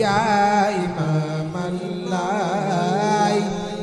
yaa imaam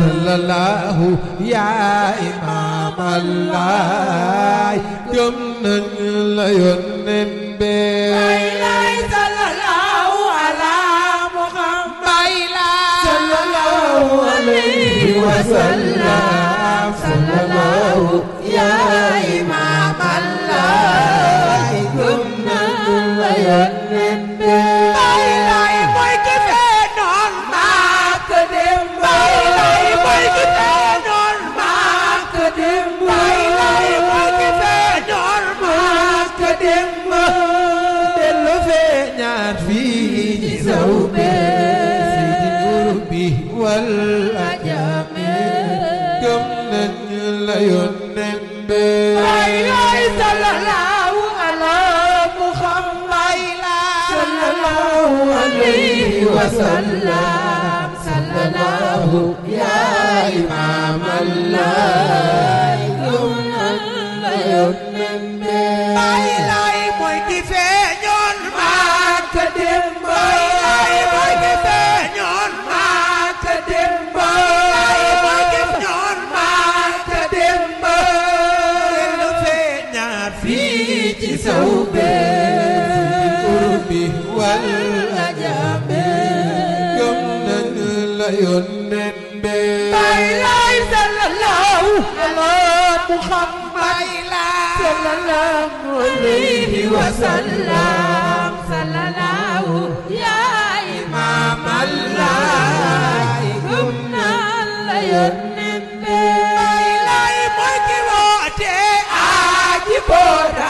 صلى الله يا إمام الله يمن لا ينن صلى الله على محمد صلى الله عليه وسلم صلى الله يا إمام wal ajaamil gëm nañu la yónneen bi ay sallallahu ala muhammad sallallahu alayhi wa sallam sallallahu yónneen bee. bay laay sallallahu. ala Muhammad. bay laay sallallahu alayhi wa sallam. sallallahu yaa imaam Allah. gëm naa la yónneen bee. bay laay mooy ki woote. aji boora.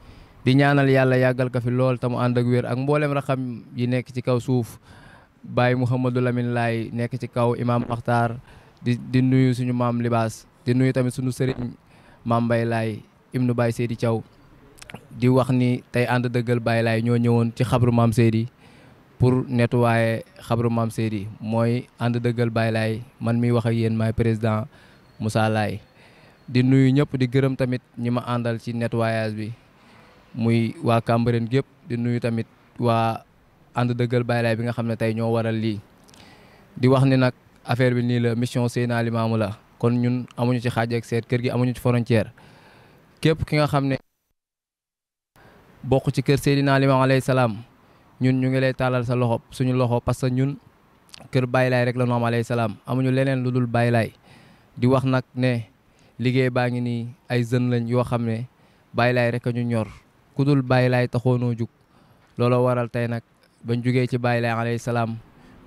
di ñaanal yàlla yàggal ko fi lool te mu ànd ak wér ak mboolem raxam yi nekk ci kaw suuf Baye Mouhamadou Lamine Laay nekk ci kaw Imaam Maxtaar di di nuyu suñu maam Libaas di nuyu tamit suñu sëriñ maam lay Laay Ibnu Baye Seydi caw di wax ni tey ànd dëggal Baye Laay ñoo ñëwoon ci xabru maam Seydi pour nettoyer xabru maam Seydi mooy ànd dëggal Baye Laay man miy wax ak yéen may président Moussa Laay di nuyu ñëpp di gërëm tamit ñi ma àndal ci nettoyage bi muy waa Cambérène gépp di nuyu tamit waa ànd dëggal Baye bi nga xam ne tey ñoo waral lii di wax ni nag affaire bi nii la mission Seydina Limamou la kon ñun amuñu ci xaaj ak seet kër gi amuñu ci frontière képp ki nga xam ne bokk ci kër Seydina Limamou alayhi salaam ñun ñu ngi lay tàllal sa loxo suñu loxo parce que ñun kër Baye Laye rek la ñu am alayhi salaam amuñu leneen lu dul Baye Laye di wax nag ne liggéey baa ngi nii ay jeunes lañ yoo xam ne Baye Laye rek a ñu ñor. ku dul bàyyi laay taxoonoo jug looloo waral tey nag bañ jugee ci bàyyi laay alayhi salaam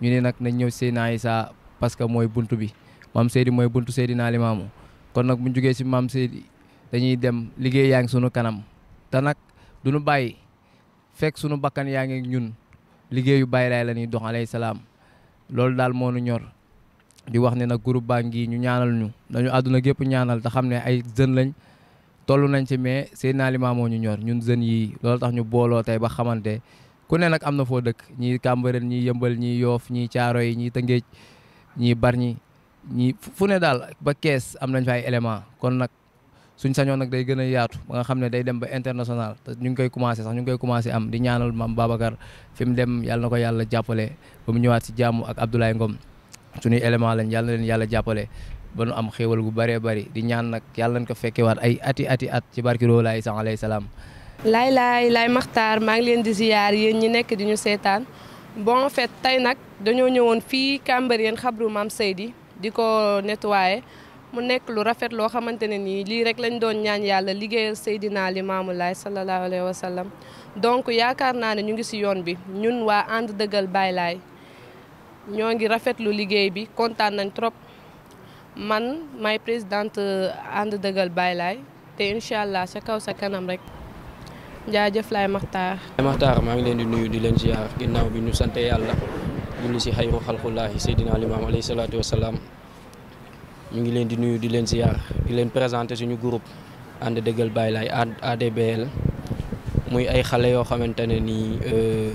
ñu ne nag nañ ñëw Seydina saa parce que mooy bunt bi maam Seydi mooy bunt naa Seydina Limaamu kon nag buñ jugee si maam Seydi dañuy dem liggéey yaa ngi sunu kanam te nag du ñu bàyyi fekk sunu bakkan yaa ngi ñun liggéeyu bàyyi laay la ñuy dox alayhi salaam loolu daal moo nu ñor. di wax ne na groupe baa ngi ñu ñaanal ñu dañu àdduna gépp ñaanal te xam ne ay jeunes lañ tollu nañ ci mais Seydina Limamou moo ñu ñor ñun jeunes yi loolu tax ñu booloo tey ba xamante ku ne nag am na foo dëkk ñii Cambérène ñii yëmbal ñii yoof ñii caaro yi ñii tëngéej ñii barñi ñii fu ne daal ba kees am nañ fa ay élément kon nag suñ sañoon nag day gën a yaatu ba nga xam ne day dem ba international te ñu ngi koy commencé sax ñu ngi koy commencé am di ñaanal maam Babacar fi mu dem yàlla na ko yàlla jàppale ba mu ñëwaat si jàmm ak Abdoulaye Ngom suñuy élément lañ yàlla leen yàlla jàppale ba nu am xéewal gu bëree bëri di ñaan nag yàlla nañ ko fekkewaat ay ati ati at ci barki Rasuulullaahi sallallaahu salaam. laay laay laay maxtaar maa ngi leen di ziyaar yéen ñi nekk di ñu seetaan bon en fait tey nag dañoo ñëwoon fii Cambérène xabru maam Seydi di ko nettoyé mu nekk lu rafet loo xamante ne nii lii rek lañ doon ñaan yàlla liggéeyal Seydina Limaamu Laay sallallahu alayhi wa sallam donc yaakaar naa ne ñu ngi si yoon bi ñun waa ànd dëggal Baay Laay ñoo ngi rafetlu liggéey bi kontaan nañ trop. man may présidente euh, ànd dëggal Baye Laye te incha allah sa kaw sa kanam rek jaajëf laay Maxtaar. Maxtaar maa ngi leen di nuyu di leen ziar ginnaaw bi ñu sant yàlla julli si xayru xalqullaahi seydina limaam alayhi salaatu wasalaam mu ngi leen di nuyu di leen ziar di leen présenté suñu groupe ànd dëggal Baye a ADBL muy ay xale yoo xamante ne nii euh,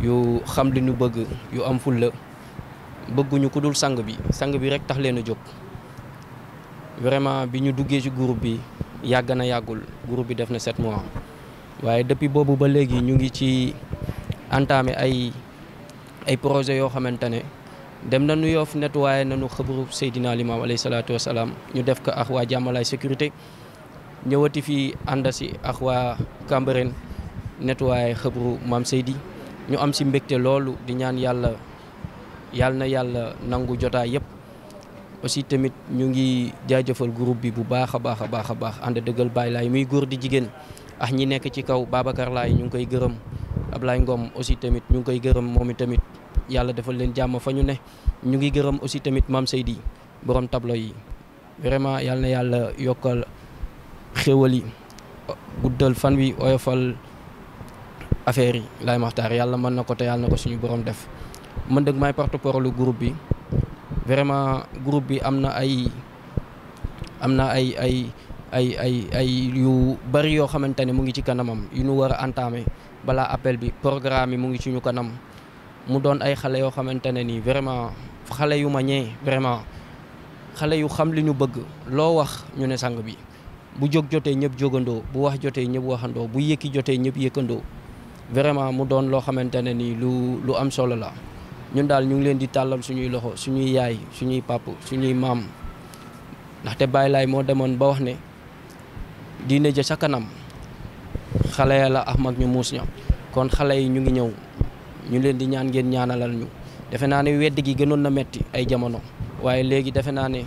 yu xam li ñu bëgg yu am fulla bëgguñu ku dul sang bi sang bi rek tax leen a jóg vraiment bi ñu duggee ci groupe bi yàgg na yàggul groupe bi def na set mois waaye depuis boobu ba léegi ñu ngi ci entamé ay ay projet yoo xamante ne dem na nu Yoff nettoyé nañu xëbru Seydina Limaam alayhi salaatu wasalaam ñu def ko ak waa jàmmalaay sécurité ñëwati fii ànd si ak waa Cambérène nettoyé xëbru Maam Seydi ñu am si mbégte loolu di ñaan yàlla yàlla na yàlla nangu jotaay yëpp aussi tamit ñu ngi jaajëfal groupe bi bu baax a baax a baax a baax ànd dëggal Baye Laye muy góor di jigéen ax ñi nekk ci kaw Babacar ñu ngi koy gërëm Ablaye ngoom aussi tamit ñu ngi koy gërëm moom tamit yàlla defal leen jàmm fa ñu ne ñu ngi gërëm aussi tamit Mame Seydi borom tableau yi vraiment yàlla na yàlla yokkal xéwal yi guddal fan wi oyofal affaire yi Laye Makhtar yàlla mën na ko te yàlla na ko suñu borom def man dëgg may porte parole lu bi vraiment groupe bi am na ay am na ay ay ay ay ay yu bari yoo xamante ne mu ngi ci kanamam yu ñu war a entamer balaa appel bi programme yi mu ngi ci ñu kanam mu doon ay xale yoo xamante ne nii vraiment xale yu ma vraiment xale yu xam li ñu bëgg loo wax ñu ne sang bi bu jóg jotee ñëpp jógandoo bu wax jotee ñëpp waxandoo bu yékki jotee ñëpp yëkkandoo vraiment mu doon loo xamante ne nii lu lu am solo la ñun daal ñu ngi leen di tàllal suñuy loxo suñuy yaay suñuy pàpp suñuy maam ndaxte Baay Laay moo demoon ba wax ne diine ja ca kanam xale ya la ak mag ñu muus ña kon xale yi ñu ngi ñëw ñu leen di ñaan ngeen ñaanalal ñu defe naa ne wedd gi gënoon na metti ay jamono waaye léegi defe naa ne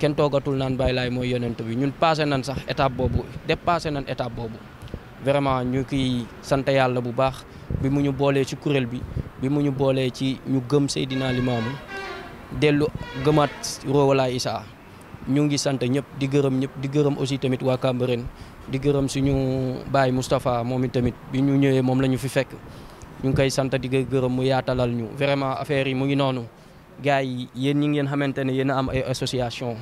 kenn toogatul naan Baay Laay mooy yonent bi ñun passé nañ sax étape boobu dépassé nañ étape boobu vraiment ñu kiy sant yàlla bu baax bi mu ñu boolee ci kuréel bi bi mu ñu boolee ci ñu gëm Seydina Limaamu dellu gëmaat Roowalaa Isaa ñu ngi sant ñëpp di gërëm ñëpp di gërëm aussi tamit waa Cambérène di gërëm su ñu baay Moustapha moom it tamit bi ñu ñëwee moom la ñu fi fekk ñu ngi koy sant di koy gërëm mu yaatalal ñu vraiment affaire yi mu ngi noonu gars yi yéen ñi ngeen xamante ne yéen am ay association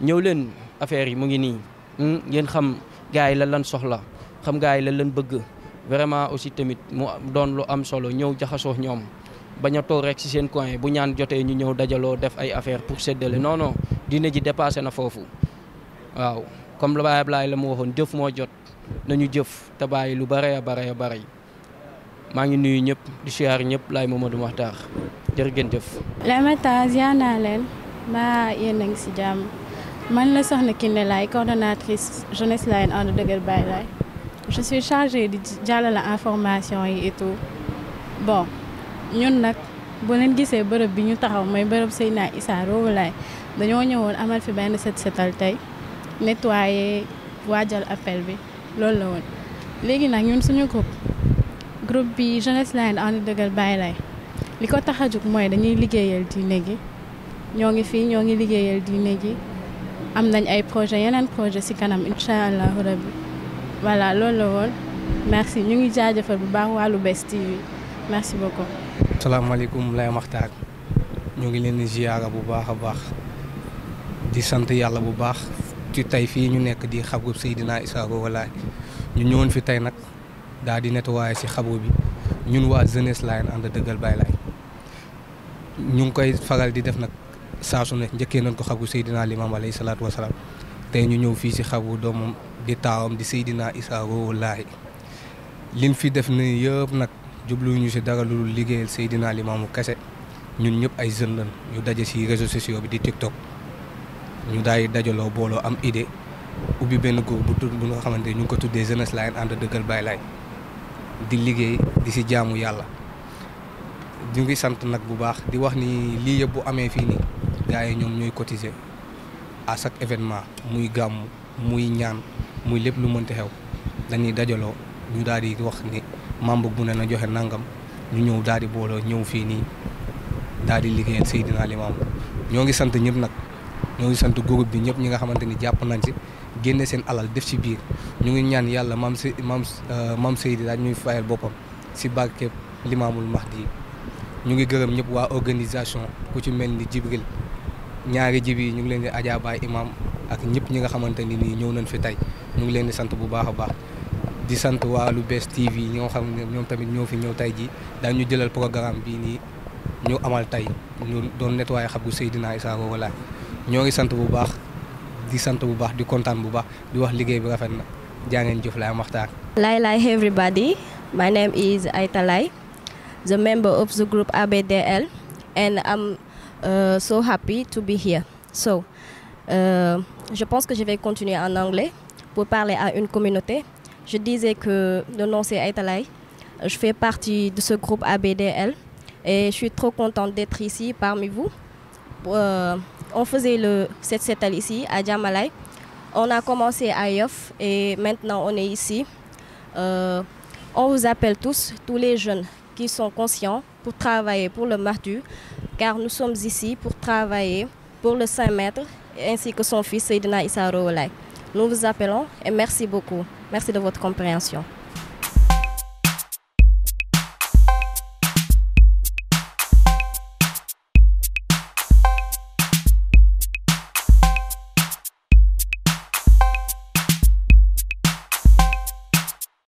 ñëw leen affaire yi mu ngi nii hmm? ngeen xam gars yi lan lan soxla xam gars yi lan bëgg. vraiment aussi tamit mu doon lu am solo ñëw jaxasoo ñoom bañ a toog ci seen coin bu ñaan jotee ñu ñëw dajaloo def ay affaire pour séddale non non ji dépassé na foofu waaw comme la Baye Ablaye la mu waxoon jëf moo jot nañu jëf te bàyyi lu bare a bare maa ngi nuyu ñëpp di siyaar ñëpp laay Mamadou Makhtar jërë ngeen jëf. Lamata ziar naa leen mbaa yéen a ngi ci jàmm man la soxna Kiné Laye coordonnatrice jeunesse Layène ànd dëgër Baye Laye je suis di di jàllale information yi et bon ñun nag boo leen gisee bërëb bi ñu taxaw mooy bërëb Seydina Issa Rouhou Laye dañoo ñëwoon amal fi benn set setal tey nettoyer waajal appel bi loolu la woon. léegi nag ñun suñu groupe groupe bi jeunesse line ànd dëggal Baye Laye ko tax a jóg mooy dañuy liggéeyal diine gi ñoo ngi fii ñoo ngi liggéeyal diine gi am nañ ay projet yeneen projet ci kanam incha allahu rabbi voilà loolu la woon merci ñu ngi jaajëfal bu baax waa Lou'Bess TV merci beaucoup. salaamaaleykum lay maxtaar ñu ngi leen di bu baax a baax di sant yàlla bu baax ci tey fii ñu nekk di xabru Seydina Issa Rouhou ñu ñëwoon fi tey nag daal di nettoyer ci xabru bi ñun waa jeunesse Layène ànd dëggal Baay Laay ñu ngi koy fagal di def nag saa su njëkkee nañ ko xabru Seydina Limaam alayhi salaatu wasalaam tey ñu ñëw fii ci xabru doomam. di taawam di Seydina Issa Rouhou-Lahi liñ fi def ni yëpp nag jubluwuñu si dara lu liggéeyal Seydina Limaamu kese ñun ñëpp ay jeunes lañ ñu daje si réseau sociaux bi di TikTok ñu daay dajaloo booloo am idée ubbi benn groupe bu tudd bu nga xamante ñu ngi ko tuddee Jeunesse Layène ànd dëggal Baay Laay di liggéey di si jaamu yàlla ñu ngi sant nag bu baax di wax ni lii yëpp bu amee fii nii gars yi ñoom ñooy cotiser à chaque événement muy gàmm muy ñaan muy lépp lu mënti xew dañuy dajaloo ñu daal di wax ni membre bu ne na joxe nangam ñu ñëw daal di booloo ñëw fii nii daal di liggéeyal Seydina Limaamu ñoo ngi sant ñëpp nag ñoo ngi sant groupe bi ñëpp ñi nga xamante ni jàpp nañ ci génne seen alal def ci biir ñu ngi ñaan yàlla mam si maam euh, maam Seydi daal ñuy fayal boppam si barkeb Limaamul Mahdi ñu ngi gërëm ñëpp waa organisation ku ci mel ni Jibril ñaari jib ñu ngi leen ajaabaay imaam ak ñëpp ñi nga xamante ni nii ñëw nañ fi tey ñu ngi leen di sant bu baax a baax di sant waa Lou'Bess TV ñoo xam ne ñoom tamit ñoo fi ñëw tey jii daañu ñu jëlal programme bii nii ñu amal tey ñu doon nettoyé xabu Seydina Issa Rohou Laye ñoo ngi sant bu baax di sant bu baax di kontaan bu baax di wax liggéey bi rafet na jaa ngeen jëf laay waxtaan. Lailai hey everybody my name is Aita Lai the member of the group ABDL and I'm uh, so happy to be here Euh, je pense que je vais continuer en anglais pour parler à une communauté. Je disais que le nom c'est Aitalai. Je fais partie de ce groupe ABDL et je suis trop contente d'être ici parmi vous. Euh, on faisait le 7 7 ici à Djamalai. On a commencé à Yoff et maintenant on est ici. Euh, vous appelle tous, tous les jeunes qui sont conscients pour travailler pour le Mardu, car nous sommes ici pour travailler pour le 5 mètres ainsi que son fils Seydina Issa Rouholay. Nous vous appelons et merci beaucoup. Merci de votre compréhension.